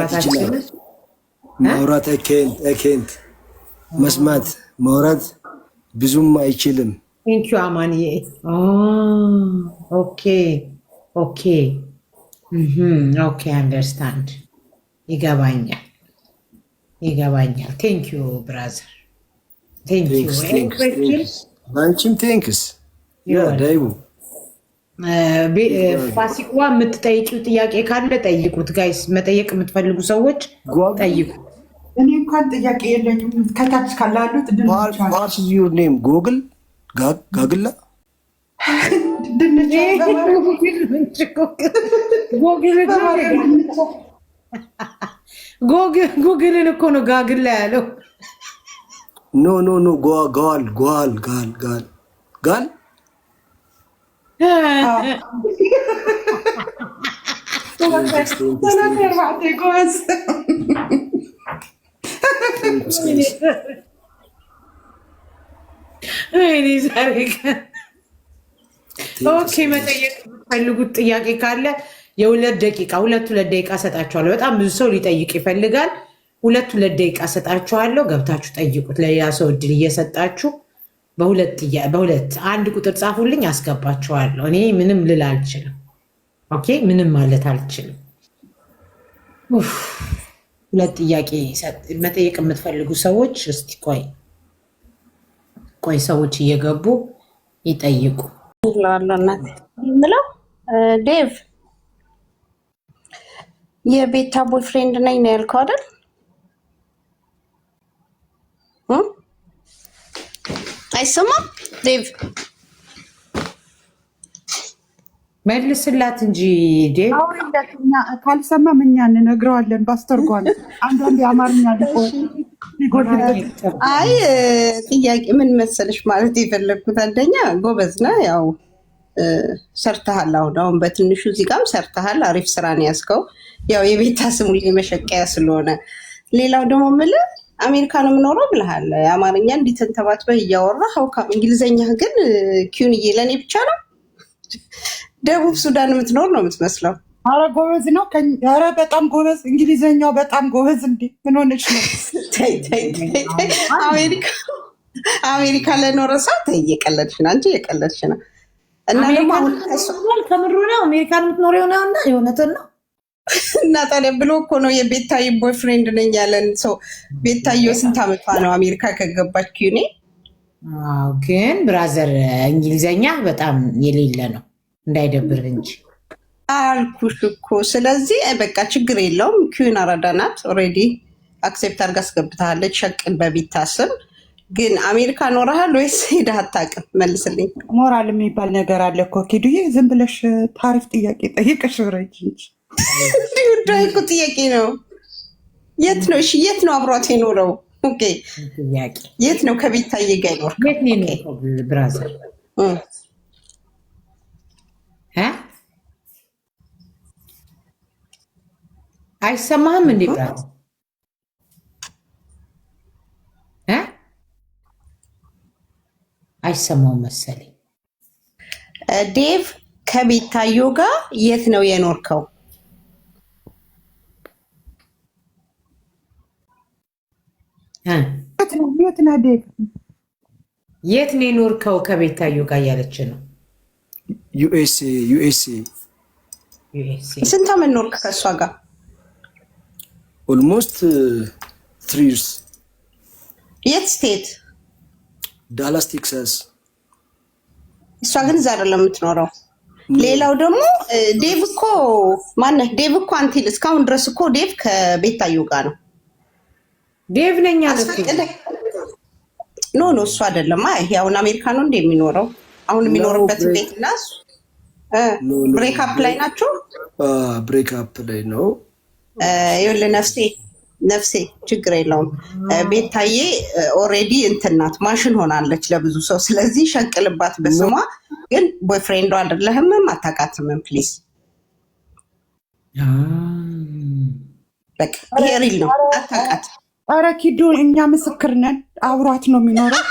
ማውራት ማውራት ኤኬንት መስማት ማውራት ብዙም አይችልም። ቴንኪዩ አማንዬ። ኦኬ ኦኬ ኦኬ አንደርስታንድ ይገባኛል ይገባኛል። ቴንኪዩ ብራዘር ቴንኪዩ። አንቺም ቴንክስ ዳይቡ ፋሲኳ የምትጠይቂው ጥያቄ ካለ ጠይቁት። ጋይስ መጠየቅ የምትፈልጉ ሰዎች ጠይቁ። እኔ እንኳን ጥያቄ የለኝም። ከታች ካላሉት ኔም ጎግል ጋግላ ጎግልን እኮ ነው ጋግላ ያለው። ኖ ኖ ኖ ጓል ጓል ጋል ጋል ጋል ኦኬ፣ መጠየቅ የምትፈልጉት ጥያቄ ካለ የሁለት ደቂቃ ሁለት ሁለት ደቂቃ ሰጣችኋለሁ። በጣም ብዙ ሰው ሊጠይቅ ይፈልጋል። ሁለት ሁለት ደቂቃ ሰጣችኋለሁ። ገብታችሁ ጠይቁት። ለሌላ ሰው እድል እየሰጣችሁ በሁለት በሁለት አንድ ቁጥር ጻፉልኝ፣ አስገባችኋለሁ። እኔ ምንም ልል አልችልም። ኦኬ፣ ምንም ማለት አልችልም። ሁለት ጥያቄ መጠየቅ የምትፈልጉ ሰዎች እስቲ ቆይ ቆይ፣ ሰዎች እየገቡ ይጠይቁ። ምለው ዴቭ የቤታ ቦይፍሬንድ ነኝ ነው ያልከው አይደል? አይሰማም ዴቭ መልስላት እንጂ ካልሰማም እኛ እንነግረዋለን ባስተርጓል አንዳንድ የአማርኛ አይ ጥያቄ ምን መሰለሽ ማለት የፈለግኩት አንደኛ ጎበዝ ነህ ያው ሰርተሃል አሁን አሁን በትንሹ እዚህ ጋርም ሰርተሃል አሪፍ ስራ ነው ያው የቤታ ስሙ የመሸቀያ ስለሆነ ሌላው ደግሞ ምልህ አሜሪካ ነው የምኖረው ብልሃል። አማርኛ እንዲተንተባትበህ እያወራ ሀውካ እንግሊዘኛህ ግን ኪዩንዬ ለእኔ ብቻ ነው። ደቡብ ሱዳን የምትኖር ነው የምትመስለው። አረ ጎበዝ ነው። አረ በጣም ጎበዝ እንግሊዘኛው በጣም ጎበዝ። እንዲ ምን ሆነች ነው? አሜሪካ ለኖረ ሰው ተይ፣ የቀለድሽ ነው አንቺ፣ የቀለድሽ ነው። እና ደግሞ አሁን ከምሩ ነው አሜሪካን የምትኖር የሆነ ና የሆነትን ነው እና ታዲያ ብሎ እኮ ነው የቤታዬ ቦይፍሬንድ ነኝ ያለን ሰው። ቤታዬ ስንት ዓመቷ ነው አሜሪካ ከገባች? ኪኔ ግን ብራዘር እንግሊዘኛ በጣም የሌለ ነው እንዳይደብር እንጂ አልኩሽ እኮ። ስለዚህ በቃ ችግር የለውም። ኪዩን አራዳ ናት። ኦልሬዲ አክሴፕት አድርጋ አስገብታለች። ሸቅን በቤታ ስም ግን አሜሪካ ኖረሃል ወይስ ሄደህ አታውቅም? መልስልኝ። ሞራል የሚባል ነገር አለ እኮ ኪዱዬ። ዝም ብለሽ ታሪፍ ጥያቄ ጠይቀሽ ረጅ ዲውዳ እኮ ጥያቄ ነው። የት ነው እሺ? የት ነው አብሯት የኖረው? ኦኬ ጥያቄ፣ የት ነው ከቤታዬ ጋር ይኖር? የት ነው የኖረው? ብራዘር እ አይሰማህም እንዴ? ብራዘር አይሰማው መሰለኝ። ዴቭ ከቤታዮ ጋር የት ነው የኖርከው? የት ነው የኖርከው? ከቤታዮ ጋር እያለች ነው። ዩኤስኤ ዩኤስኤ ስንት ዓመት ኖርክ ከእሷ ጋር? ኦልሞስት ትሪ ይርስ። የት ስቴት? ዳላስ ቴክሳስ። እሷ ግን እዛ አይደለም የምትኖረው። ሌላው ደግሞ ዴቭ እኮ ማነህ? ዴቭ እኮ አንቲል እስካሁን ድረስ እኮ ዴቭ ከቤታዮ ጋር ነው ዴቭ ነኝ ኖ ኖ እሱ አይደለም። ይሄ አሁን አሜሪካ ነው እንደ የሚኖረው አሁን የሚኖርበት ቤት እና ብሬክአፕ ላይ ናቸው። ብሬክአፕ ላይ ነው። ይኸውልህ ነፍሴ ነፍሴ ችግር የለውም። ቤታዬ ኦሬዲ እንትን ናት ማሽን ሆናለች ለብዙ ሰው። ስለዚህ ሸቅልባት በስሟ ግን ቦይፍሬንዶ አይደለህምም፣ አታውቃትምም። ፕሊዝ በቃ ይሄ ሪል ነው። አታውቃትም አረ ኪዱ እኛ ምስክር ነን። አብሯት ነው የሚኖረው።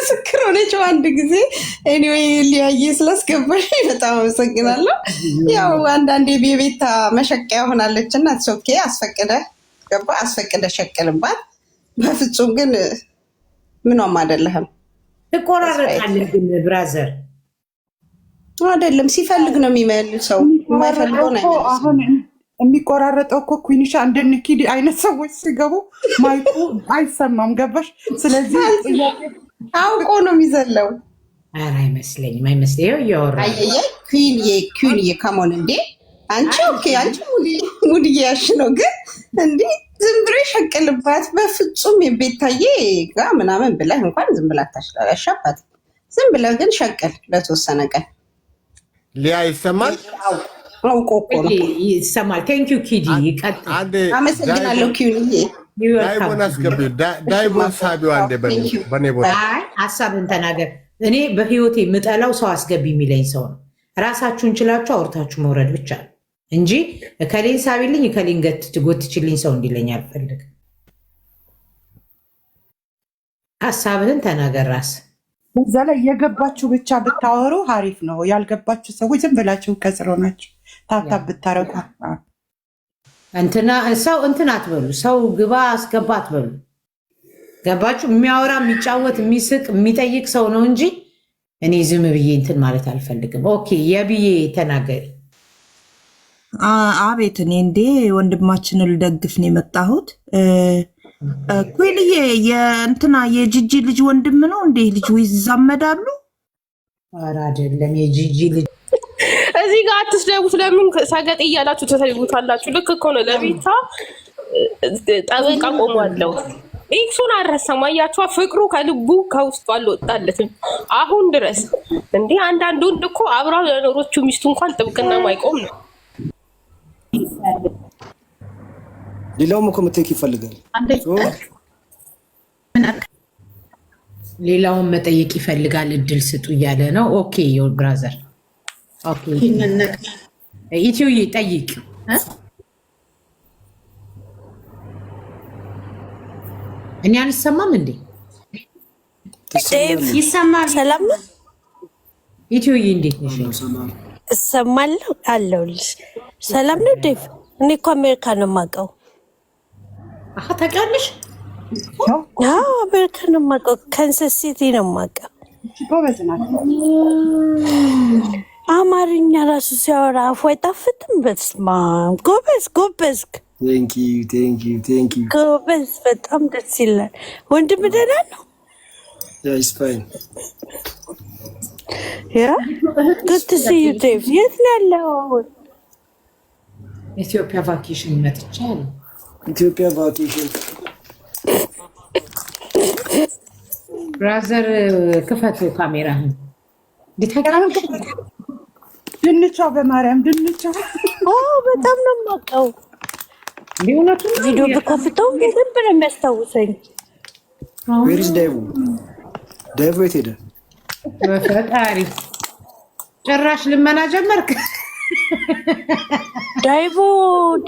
ምስክር ሆነች አንድ ጊዜ። ኤኒዌይ ሊያየ ስላስገባሽ በጣም አመሰግናለሁ። ያው አንዳንዴ የቤታ መሸቀያ ሆናለች እና ሶኬ አስፈቅደ ገባ አስፈቅደ ሸቅልባት። በፍጹም ግን ምኗም አይደለህም። ትቆራረጣለህ ግን ብራዘር አይደለም። ሲፈልግ ነው የሚመልሰው፣ የማይፈልገው ነው የሚቆራረጠው እኮ ኩኒሻ እንደንኪድ አይነት ሰዎች ሲገቡ ማይኩ አይሰማም። ገባሽ? ስለዚህ አውቆ ነው የሚዘለው። ኧረ አይመስለኝም፣ አይመስለኝም እያወራ ኩንዬ ኩንዬ ከሞን እንዴ አንቺ ኦኬ፣ አንቺ ሙድ ያሽ ነው ግን እንዴ ዝም ብሎ ይሸቅልባት በፍጹም የቤታዬ ጋ ምናምን ብለህ እንኳን ዝም ብላ ያሻባት ዝም ብለህ ግን ሸቅል ለተወሰነ ቀን ሊያ ይሰማል አውቆ እኮ ይሰማል። ቴንክ ዩ ይቀጥል። አመሰግናለሁ ኪዩንዬ። ዳይቦን ዳይቦን ሳቢው አንዴ በኔ ሀሳብን ተናገር። እኔ በህይወቴ የምጠላው ሰው አስገቢ የሚለኝ ሰው ነው። ራሳችሁን ችላችሁ አውርታችሁ መውረድ ብቻ ነው እንጂ እከሌን ሳቢልኝ እከሌን ጎትችልኝ ሰው እንዲለኝ አልፈልግም። ሀሳብህን ተናገር እዛ ላይ የገባችሁ ብቻ ብታወሩ አሪፍ ነው። ያልገባችሁ ሰዎች ዝም ብላችሁ ከስሮ ናቸው። ታታ ብታረጉ እንትና ሰው እንትን አትበሉ። ሰው ግባ አስገባ አትበሉ። ገባችሁ? የሚያወራ የሚጫወት፣ የሚስቅ፣ የሚጠይቅ ሰው ነው እንጂ እኔ ዝም ብዬ እንትን ማለት አልፈልግም። ኦኬ የብዬ ተናገሪ። አቤት እኔ እንዴ ወንድማችንን ልደግፍ ነው የመጣሁት። ኩንዬ የእንትና የጂጂ ልጅ ወንድም ነው እንዴ? ልጅ ይዛመዳሉ? አይደለም የጂጂ ልጅ እዚህ ጋር አትስደቡት። ለምን ሰገጥ እያላችሁ ተሰድቡታላችሁ? ልክ እኮ ነው። ለቤታ ጠበቃ ቆሟለሁ። ኢክሱን አልረሳም። አያችኋ፣ ፍቅሩ ከልቡ ከውስጡ አልወጣለትም አሁን ድረስ። እንዲህ አንዳንድ ወንድ እኮ አብራ ለኖሮቹ ሚስቱ እንኳን ጥብቅና ማይቆም ነው። ሌላውም እኮ መጠየቅ ይፈልጋል። ሌላውን መጠየቅ ይፈልጋል። እድል ስጡ እያለ ነው። ኦኬ ዮር ብራዘር ኢትዮዬ ጠይቅ እኔ አንሰማም እንዴ? ይሰማል። ሰላም ኢትዮዬ እንዴት ነሽ? እሰማለሁ አለሁልሽ። ሰላም ነው ዴቭ። እኔ እኮ አሜሪካ ነው የማውቀው። አሀ ታውቂያለሽ? አዎ አሜሪካ ነው የማውቀው። ከንሰስ ሲቲ ነው የማውቀው። አማርኛ ራሱ ሲያወራ አፉ አይጣፍጥም። በስማ ጎበዝ ጎበዝ ጎበዝ፣ በጣም ደስ ይላል። ወንድም ደህና ነው? ዴቭ፣ የት ነው ያለው? ኢትዮጵያ ቫኬሽን መጥቻለሁ። ኢትዮጵያ ቫኬሽን ብራዘር ካሜራህን ድንቿ በማርያም ድንቿ በጣም ነው የማውቀው። ቪዲዮ ብከፍተው በደንብ ነው የሚያስታውሰኝ። ዌሪስ ዳይቡ ዳይቡ የት ሄደ? በፈጣሪ ጭራሽ ልመና ጀመርክ። ዳይቡ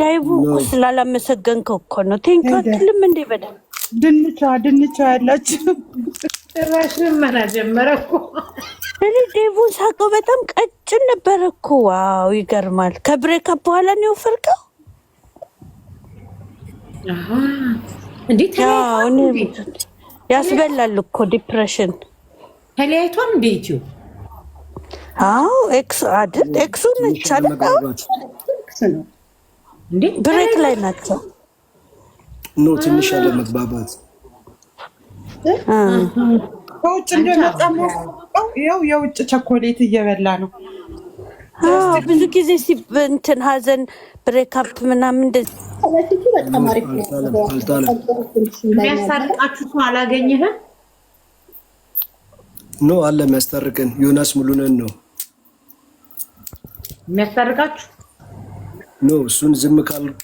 ዳይቡ ስላላመሰገንከው እኮ ነው። ቴንኪው አትልም እንዴ? በደንብ ድንቿ ድንቿ ያላችሁ ጭራሽ ልመና ጀመረ እኮ። እኔ ዴቡን ሳቀው በጣም ቀጭን ነበረ እኮ። ዋው ይገርማል። ከብሬካፕ በኋላ ነው የወፈርከው ያስበላል እኮ ዲፕሬሽን ተለያይቷን ቤት አዎ ኤክሱ አይደል ኤክሱ ነች ብሬክ ላይ ናቸው ኖ ትንሽ ያለ መግባባት ከውጭ እንደመጣ የውጭ ቸኮሌት እየበላ ነው። ብዙ ጊዜ እንትን ሀዘን ብሬካፕ ምናምን የሚያስታርቃችሁ ሰው አላገኘህም? ኖ አለ የሚያስታርቅን ዮናስ ሙሉነን ነው የሚያስታርቃችሁ። ኖ እሱን ዝም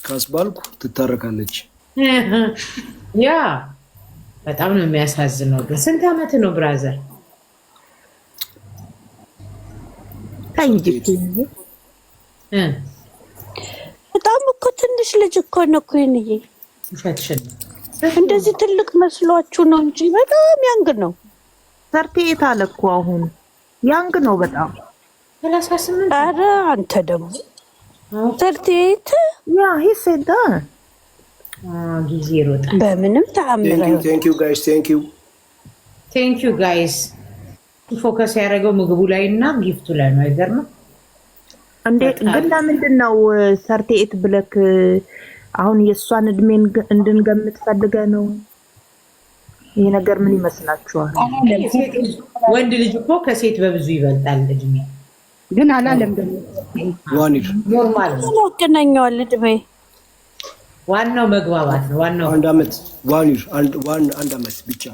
ካስባልኩ ትታረቃለች ያ በጣም ነው የሚያሳዝነው። ስንት ዓመት ነው ብራዘር? በጣም እኮ ትንሽ ልጅ እኮ ነው እኮ ይንዬ፣ እንደዚህ ትልቅ መስሏችሁ ነው እንጂ በጣም ያንግ ነው። ሰርቴት አለ እኮ አሁን ያንግ ነው በጣም ሰላሳ ስምንት አረ አንተ ደግሞ ሰርቴት ያ ሂሴዳ ጊዜ ይሮጣል። በምንም ተአምር ዩ ጋይስ። ፎከስ ያደረገው ምግቡ ላይ እና ጊፍቱ ላይ ነው። አይገርምም? እንዴት ግን ለምንድን ነው ሰርቴኤት ብለክ uh, አሁን የእሷን እድሜ እንድንገምት ፈልገ ነው? ይህ ነገር ምን ይመስላችኋል? ወንድ ልጅ እኮ ከሴት በብዙ ይበልጣል እድሜ። ግን አላለም ደግሞ ኖርማል ነው። ያገናኘዋል እድሜ ዋናው መግባባት ነው። ዋናው አንድ አመት ዋን ይር አንድ ዋን አንድ አመት ብቻ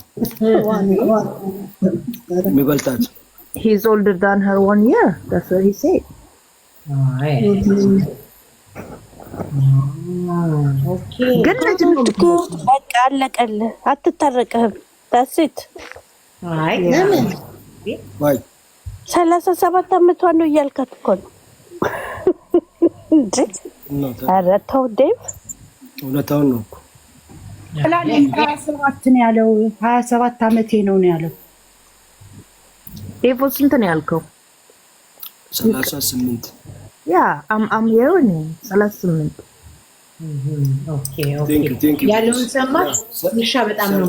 የሚበልጣት ሂዝ ኦልደር ዳን ሄር ዋን ይር ዳትስ ዋት ሂ ሴድ። ግን ልጅ ነች እኮ በቃ አለቀልህ፣ አትታረቅህም። ዳትስ ኢት። አይ ለምን ሰላሳ ሰባት አመቷ ነው እያልካት እኮ ነው እንዴ? ኧረ ተው ዴቭ እውነታውን ነው እኮ ሀያ ሰባት ነው ያለው። ሀያ ሰባት አመቴ ነው ያለው። ኤፎ ስንት ነው ያልከው? ሰላሳ ስምንት ያ እኔ ሰላሳ ስምንት ያለውን ሚሻ? በጣም ነው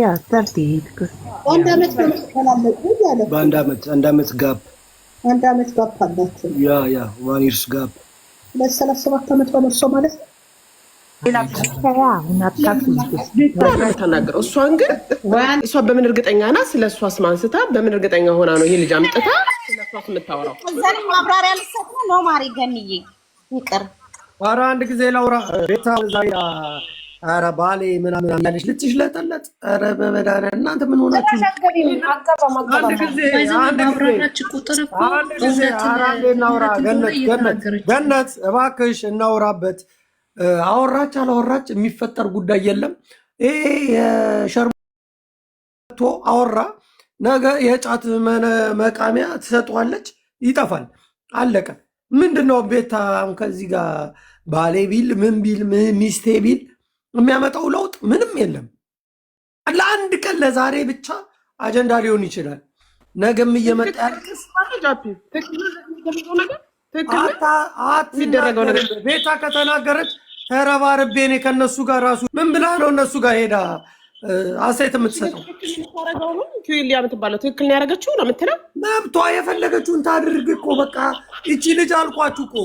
ያ ተርቲ አንድ አመት በአንድ አመት አንድ አመት ጋፕ አንድ አመት ጋፕ አላቸው። ያ ያ ዋን ይርስ ጋፕ ለሰላሳ ሰባት ዓመት ባለሷ ማለት ነው። ተናገረው እሷን ግን እሷ በምን እርግጠኛ ናት? ስለ እሷስ ማንስታ በምን እርግጠኛ ሆና ነው ይሄ ልጅ አምጥታ ስለ እሷስ የምታወራው? ማብራሪያ ልሰጥ ነው ማሪ ገንዬ ይቅር። ኧረ አንድ ጊዜ ላውራ ቤታ ዛ ኧረ ባሌ ምናምን ያለች ልትሽለጠለጥ። ኧረ በመድኃኒዓለም እናንተ ምን ሆናችሁ? ገነት እባክሽ እናውራበት። አወራች አላወራች የሚፈጠር ጉዳይ የለም። ይሄ የሸርቶ አወራ ነገ የጫት መቃሚያ ትሰጠዋለች፣ ይጠፋል፣ አለቀ። ምንድነው ቤታም ከዚህ ጋር ባሌ ቢል ምን ቢል ሚስቴ ቢል የሚያመጣው ለውጥ ምንም የለም። ለአንድ ቀን ለዛሬ ብቻ አጀንዳ ሊሆን ይችላል። ነገም እየመጣ ያልቅስ ከተናገረች ተረባርቤ እኔ ከእነሱ ጋር ራሱ ምን ብላ ነው እነሱ ጋር ሄዳ አስተያየት የምትሰጠው? ትክክል ነው ያደረገችው ነው የምትለው። መብቷ የፈለገችውን ታድርግ እኮ በቃ እቺ ልጅ አልኳችሁ እኮ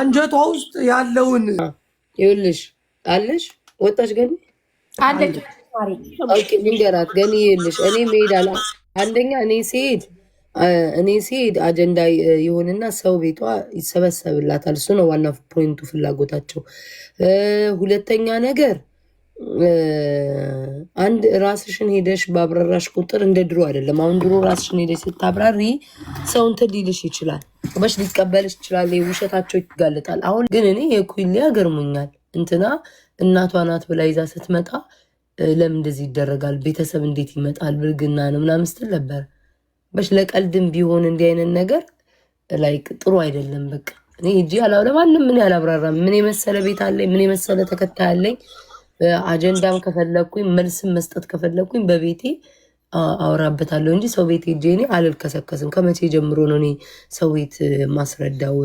አንጀቷ ውስጥ ያለውን ይኸውልሽ አለሽ ወጣች ገኒ አለች። ልንገራት ገኒ ይልሽ እኔ መሄድ አንደኛ እኔ ሲሄድ እኔ ሲሄድ አጀንዳ የሆንና ሰው ቤቷ ይሰበሰብላታል። እሱ ነው ዋና ፖይንቱ ፍላጎታቸው። ሁለተኛ ነገር አንድ ራስሽን ሄደሽ ባብረራሽ ቁጥር እንደ ድሮ አይደለም። አሁን ድሮ ራስሽን ሄደሽ ስታብራሪ ሰው እንትን ሊልሽ ይችላል፣ በሽ ሊቀበልሽ ይችላል፣ ውሸታቸው ይጋለጣል። አሁን ግን እኔ የኩል ገርሞኛል እንትና እናቷ ናት ብላ ይዛ ስትመጣ ለምን እንደዚህ ይደረጋል? ቤተሰብ እንዴት ይመጣል? ብልግና ነው ምናምን ስትል ነበር። በሽ ለቀልድም ቢሆን እንዲህ አይነት ነገር ላይክ ጥሩ አይደለም። በቃ እኔ እጂ ለማንም ምን ያላብራራም። ምን የመሰለ ቤት አለኝ፣ ምን የመሰለ ተከታይ አለኝ። አጀንዳም ከፈለግኩኝ መልስም መስጠት ከፈለግኩኝ በቤቴ አወራበታለሁ እንጂ ሰው ቤት ሄጄ እኔ አልልከሰከስም። ከመቼ ጀምሮ ነው እኔ ሰው ቤት ማስረዳው?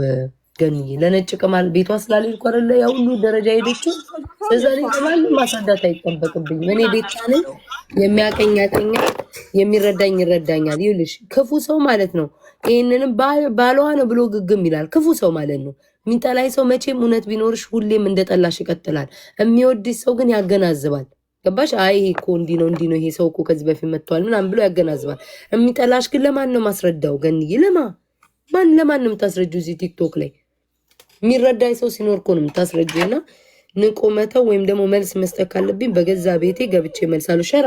ገንዬ ለነጭ ቅማል ቤቷ ስላልሄድኩ አይደለ ያ ሁሉ ደረጃ ሄደችው። ስለዛ ቅማል ማስረዳት አይጠበቅብኝም። እኔ ቤቻ ነኝ። የሚያቀኝ ያቀኛል፣ የሚረዳኝ ይረዳኛል። ይልሽ ክፉ ሰው ማለት ነው። ይህንንም ባሏ ነው ብሎ ግግም ይላል። ክፉ ሰው ማለት ነው። የሚጠላይ ሰው መቼም እውነት ቢኖርሽ ሁሌም እንደጠላሽ ይቀጥላል። የሚወድሽ ሰው ግን ያገናዝባል። ገባሽ? አይ ይሄ እኮ እንዲህ ነው እንዲህ ነው ይሄ ሰው እኮ ከዚህ በፊት መጥቷል ምናምን ብሎ ያገናዝባል። የሚጠላሽ ግን ለማን ነው ማስረዳው? ገንዬ ለማ ማን ለማንም ታስረጁ እዚህ ቲክቶክ ላይ የሚረዳኝ ሰው ሲኖር እኮ ነው የምታስረጂው። እና ንቆ መተው ወይም ደግሞ መልስ መስጠት ካለብኝ በገዛ ቤቴ ገብቼ መልሳለሁ።